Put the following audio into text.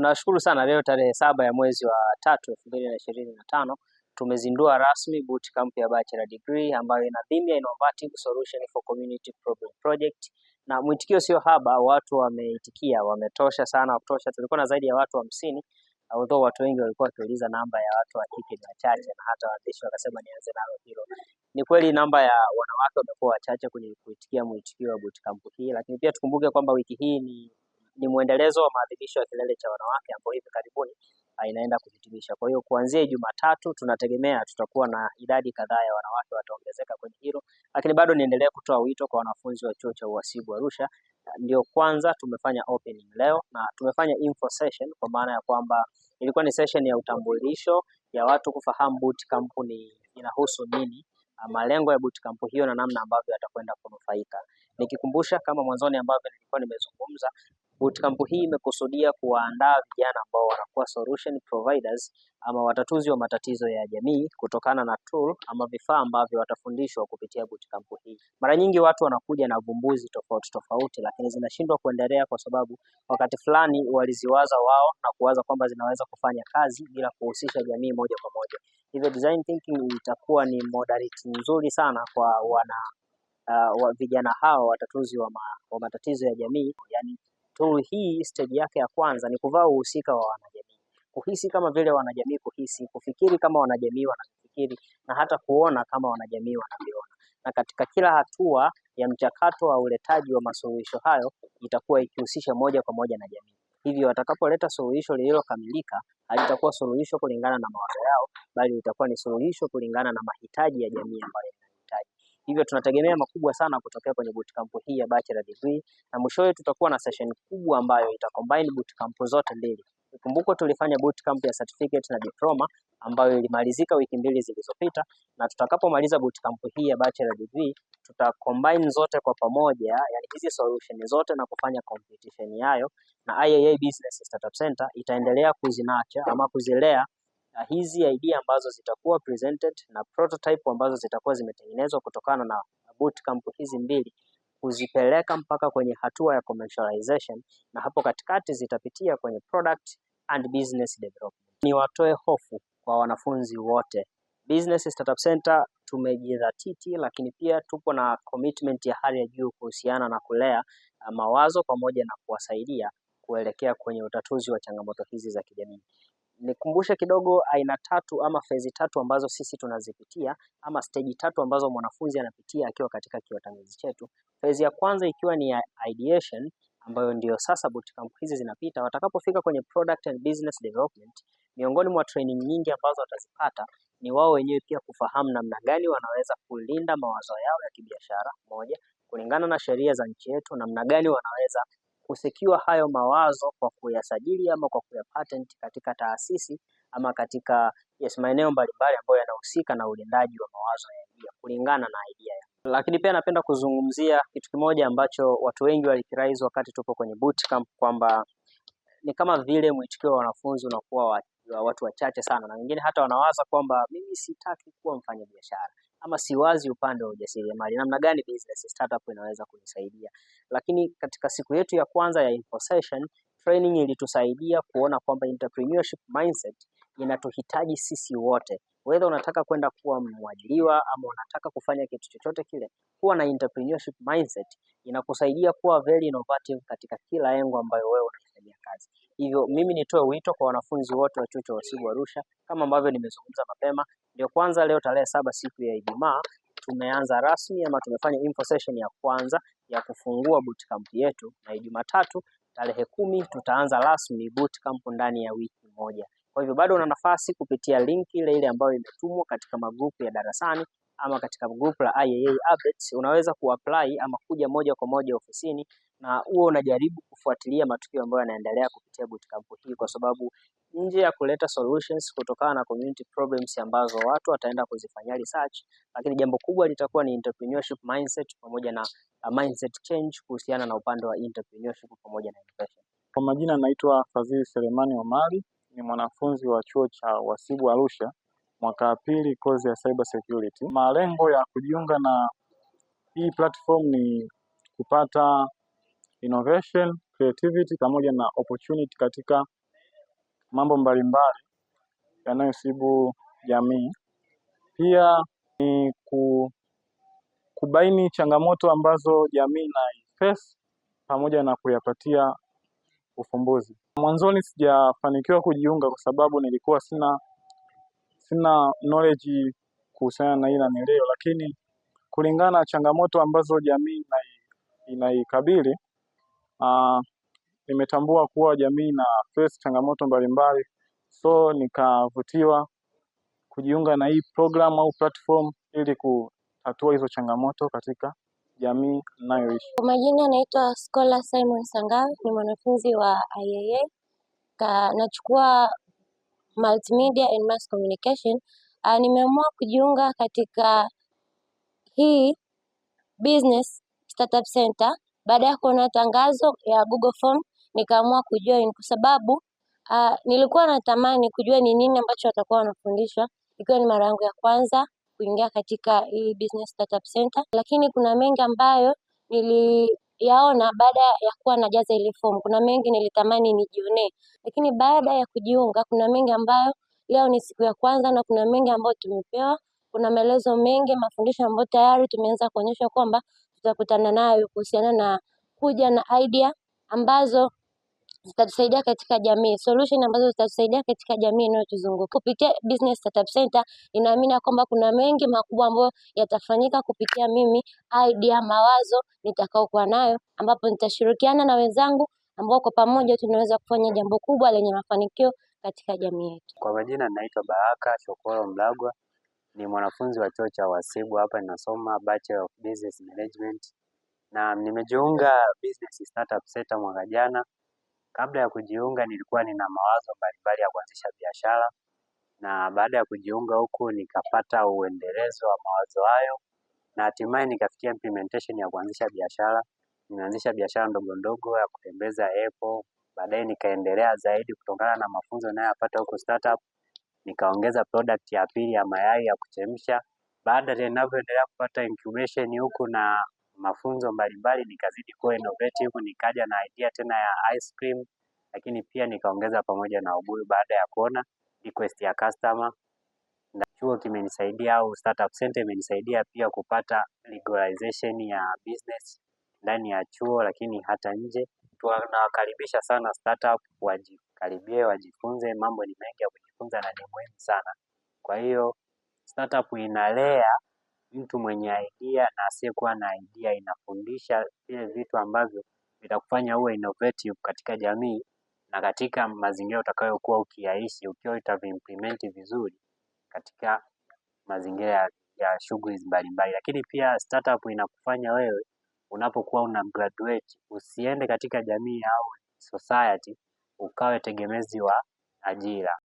Tunashukuru sana leo tarehe saba ya mwezi wa tatu elfu mbili na ishirini na tano tumezindua rasmi boot camp ya bachelor degree ambayo ina theme ya innovative solution for community problem project, na mwitikio sio haba, watu wameitikia, wametosha sana, kutosha. Tulikuwa na zaidi ya watu hamsini wa although watu wengi walikuwa wakiuliza namba ya watu wa kike ni wachache, na hata waandishi wakasema nianze nalo hilo. Ni kweli namba ya wanawake wamekuwa wachache kwenye kuitikia mwitikio wa boot camp hii, lakini pia tukumbuke kwamba wiki hii ni ni mwendelezo wa maadhimisho ya kilele cha wanawake ambayo hivi karibuni ah, inaenda kuhitimisha. Kwa hiyo kuanzia Jumatatu tunategemea tutakuwa na idadi kadhaa ya wanawake wataongezeka kwenye hilo, lakini bado niendelee kutoa wito kwa wanafunzi wa chuo cha uhasibu Arusha. Ah, ndio kwanza tumefanya opening leo na tumefanya info session, kwa maana ya kwamba ilikuwa ni session ya utambulisho ya watu kufahamu bootcamp ni inahusu nini, ah, malengo ya bootcamp hiyo na namna ambavyo atakwenda kunufaika. Nikikumbusha kama mwanzoni ambavyo nilikuwa nimezungumza Bootcamp hii imekusudia kuwaandaa vijana ambao wanakuwa solution providers ama watatuzi wa matatizo ya jamii kutokana na tool ama vifaa ambavyo watafundishwa kupitia bootcamp hii. Mara nyingi watu wanakuja na vumbuzi tofauti tofauti, lakini zinashindwa kuendelea kwa sababu wakati fulani waliziwaza wao na kuwaza kwamba zinaweza kufanya kazi bila kuhusisha jamii moja kwa moja. Hivyo design thinking itakuwa ni modality nzuri sana kwa wana uh, vijana hao watatuzi wa, ma, wa matatizo ya jamii yani Tour hii stage yake ya kwanza ni kuvaa uhusika wa wanajamii, kuhisi kama vile wanajamii kuhisi, kufikiri kama wanajamii wanafikiri, na hata kuona kama wanajamii wanavyoona. Na katika kila hatua ya mchakato wa uletaji wa masuluhisho hayo itakuwa ikihusisha moja kwa moja na jamii. Hivyo watakapoleta suluhisho lililokamilika halitakuwa suluhisho kulingana na mawazo yao, bali litakuwa ni suluhisho kulingana na mahitaji ya jamii ambayo Hivyo tunategemea makubwa sana kutokea kwenye bootcamp hii ya bachelor degree, na mwishowe tutakuwa na session kubwa ambayo itacombine bootcamp zote mbili. Kumbuko tulifanya bootcamp ya certificate na diploma ambayo ilimalizika wiki mbili zilizopita, na tutakapomaliza bootcamp hii ya bachelor degree tuta combine zote kwa pamoja, yani hizi solution zote na kufanya competition yayo, na IAA Business Startup Center itaendelea kuzinacha ama kuzilea na hizi idea ambazo zitakuwa presented na prototype ambazo zitakuwa zimetengenezwa kutokana na bootcamp hizi mbili kuzipeleka mpaka kwenye hatua ya commercialization, na hapo katikati zitapitia kwenye product and business development. Ni watoe hofu kwa wanafunzi wote. Business Startup Center tumejidhatiti, lakini pia tupo na commitment ya hali ya juu kuhusiana na kulea eh, mawazo pamoja na kuwasaidia kuelekea kwenye utatuzi wa changamoto hizi za kijamii nikumbushe kidogo aina tatu ama fezi tatu ambazo sisi tunazipitia ama steji tatu ambazo mwanafunzi anapitia akiwa katika kiotamizi chetu. Fezi ya kwanza ikiwa ni ya ideation ambayo ndio sasa bootcamp hizi zinapita. Watakapofika kwenye product and business development, miongoni mwa training nyingi ambazo watazipata ni wao wenyewe pia kufahamu namna gani wanaweza kulinda mawazo yao ya kibiashara, moja, kulingana na sheria za nchi yetu, namna gani wanaweza kusekiwa hayo mawazo kwa kuyasajili ama kwa kuyapatenti katika taasisi ama katika yes, maeneo mbalimbali ambayo yanahusika na ulindaji wa mawazo ya idea kulingana na idea ya. Lakini pia napenda kuzungumzia kitu kimoja ambacho watu wengi walikiraiz wakati tupo kwenye bootcamp kwamba ni kama vile mwitikio wa wanafunzi unakuwa watu wachache sana, na wengine hata wanawaza kwamba mimi sitaki kuwa mfanyabiashara, ama si wazi upande wa ujasiriamali, namna gani business startup inaweza kunisaidia. Lakini katika siku yetu ya kwanza ya session training ilitusaidia kuona kwamba entrepreneurship mindset inatuhitaji sisi wote, whether unataka kwenda kuwa mwajiriwa ama unataka kufanya kitu chochote kile, kuwa na entrepreneurship mindset inakusaidia kuwa very innovative katika kila engo ambayo wewe unafanyia kazi. Hivyo mimi nitoe wito kwa wanafunzi wote wa chuo cha uhasibu Arusha, kama ambavyo nimezungumza mapema, ndio kwanza leo tarehe saba siku ya Ijumaa tumeanza rasmi ama tumefanya info session ya kwanza ya kufungua bootcamp yetu, na Jumatatu tarehe kumi tutaanza rasmi bootcamp ndani ya wiki moja. Kwa hivyo bado una nafasi kupitia link ile ile ambayo imetumwa katika magrupu ya darasani ama katika grupu la IAA updates, unaweza kuapply ama kuja moja kwa moja ofisini na huo unajaribu kufuatilia matukio ambayo yanaendelea kupitia bootcamp hii, kwa sababu nje ya kuleta solutions kutokana na community problems ambazo watu wataenda kuzifanyia research, lakini jambo kubwa litakuwa ni entrepreneurship mindset pamoja na uh, mindset change kuhusiana na upande wa entrepreneurship pamoja na innovation. Kwa majina naitwa Fazili Selemani Omari, ni mwanafunzi wa chuo cha Wasibu Arusha mwaka wa pili kozi ya cyber security. Malengo ya kujiunga na hii platform ni kupata innovation, creativity pamoja na opportunity katika mambo mbalimbali yanayosibu jamii. Pia ni ku, kubaini changamoto ambazo jamii na face pamoja na kuyapatia ufumbuzi. Mwanzoni sijafanikiwa kujiunga kwa sababu nilikuwa sina sina knowledge kuhusiana na ila nileo, lakini kulingana na changamoto ambazo jamii inaikabili uh, nimetambua kuwa jamii ina face changamoto mbalimbali, so nikavutiwa kujiunga na hii program au platform ili kutatua hizo changamoto katika jamii ninayoishi. Kwa majina naitwa Scholar Simon Sangao, ni mwanafunzi wa IAA. Ka, nachukua Multimedia and Mass Communication. Uh, nimeamua kujiunga katika hii business startup center baada ya kuona tangazo ya Google Form nikaamua kujoin kwa sababu uh, nilikuwa natamani kujua ni nini ambacho watakuwa wanafundishwa, ikiwa ni mara yangu ya kwanza kuingia katika hii business startup center, lakini kuna mengi ambayo nili yaona baada ya kuwa najaza ile fomu. Kuna mengi nilitamani nijionee, lakini baada ya kujiunga, kuna mengi ambayo leo ni siku ya kwanza, na kuna mengi ambayo tumepewa, kuna maelezo mengi, mafundisho ambayo tayari tumeanza kuonyeshwa kwamba tutakutana nayo kuhusiana na kuja na idea ambazo zitatusaidia katika jamii, solution ambazo zitatusaidia katika jamii inayotuzunguka. Kupitia Business Startup Center, ninaamini kwamba kuna mengi makubwa ambayo yatafanyika kupitia mimi, idea, mawazo nitakaokuwa nayo, ambapo nitashirikiana na wenzangu ambao kwa pamoja tunaweza kufanya jambo kubwa lenye mafanikio katika jamii yetu. Kwa majina ninaitwa Baraka Shokoro Mlagwa, ni mwanafunzi wa chuo cha uhasibu hapa, ninasoma Bachelor of Business Management na nimejiunga Business Startup Center mwaka jana. Kabla ya kujiunga nilikuwa nina mawazo mbalimbali ya kuanzisha biashara na baada ya kujiunga huku nikapata uendelezo wa mawazo hayo na hatimaye nikafikia implementation ya kuanzisha biashara. nimeanzisha biashara ndogo ndogo ya kutembeza apple, baadaye nikaendelea zaidi kutokana na mafunzo ninayoyapata huku startup, nikaongeza product ya pili ya mayai ya kuchemsha. Baada ya ninavyoendelea kupata incubation huku na mafunzo mbalimbali, nikazidi kuwa innovative, nikaja na idea tena ya ice cream, lakini pia nikaongeza pamoja na ubuyu baada ya kuona request ya customer na chuo kimenisaidia au startup center imenisaidia pia kupata legalization ya business ndani ya chuo, lakini hata nje. Tunawakaribisha sana startup wajikaribie, wajifunze, mambo ni mengi ya kujifunza na ni muhimu sana. Kwa hiyo startup inalea mtu mwenye idea na asiyekuwa na idea inafundisha vile vitu ambavyo vitakufanya uwe innovative katika jamii na katika mazingira utakayokuwa ukiyaishi ukiwa utaviimplement vizuri katika mazingira ya shughuli mbalimbali. Lakini pia startup inakufanya wewe unapokuwa una graduate usiende katika jamii au society ukawe tegemezi wa ajira.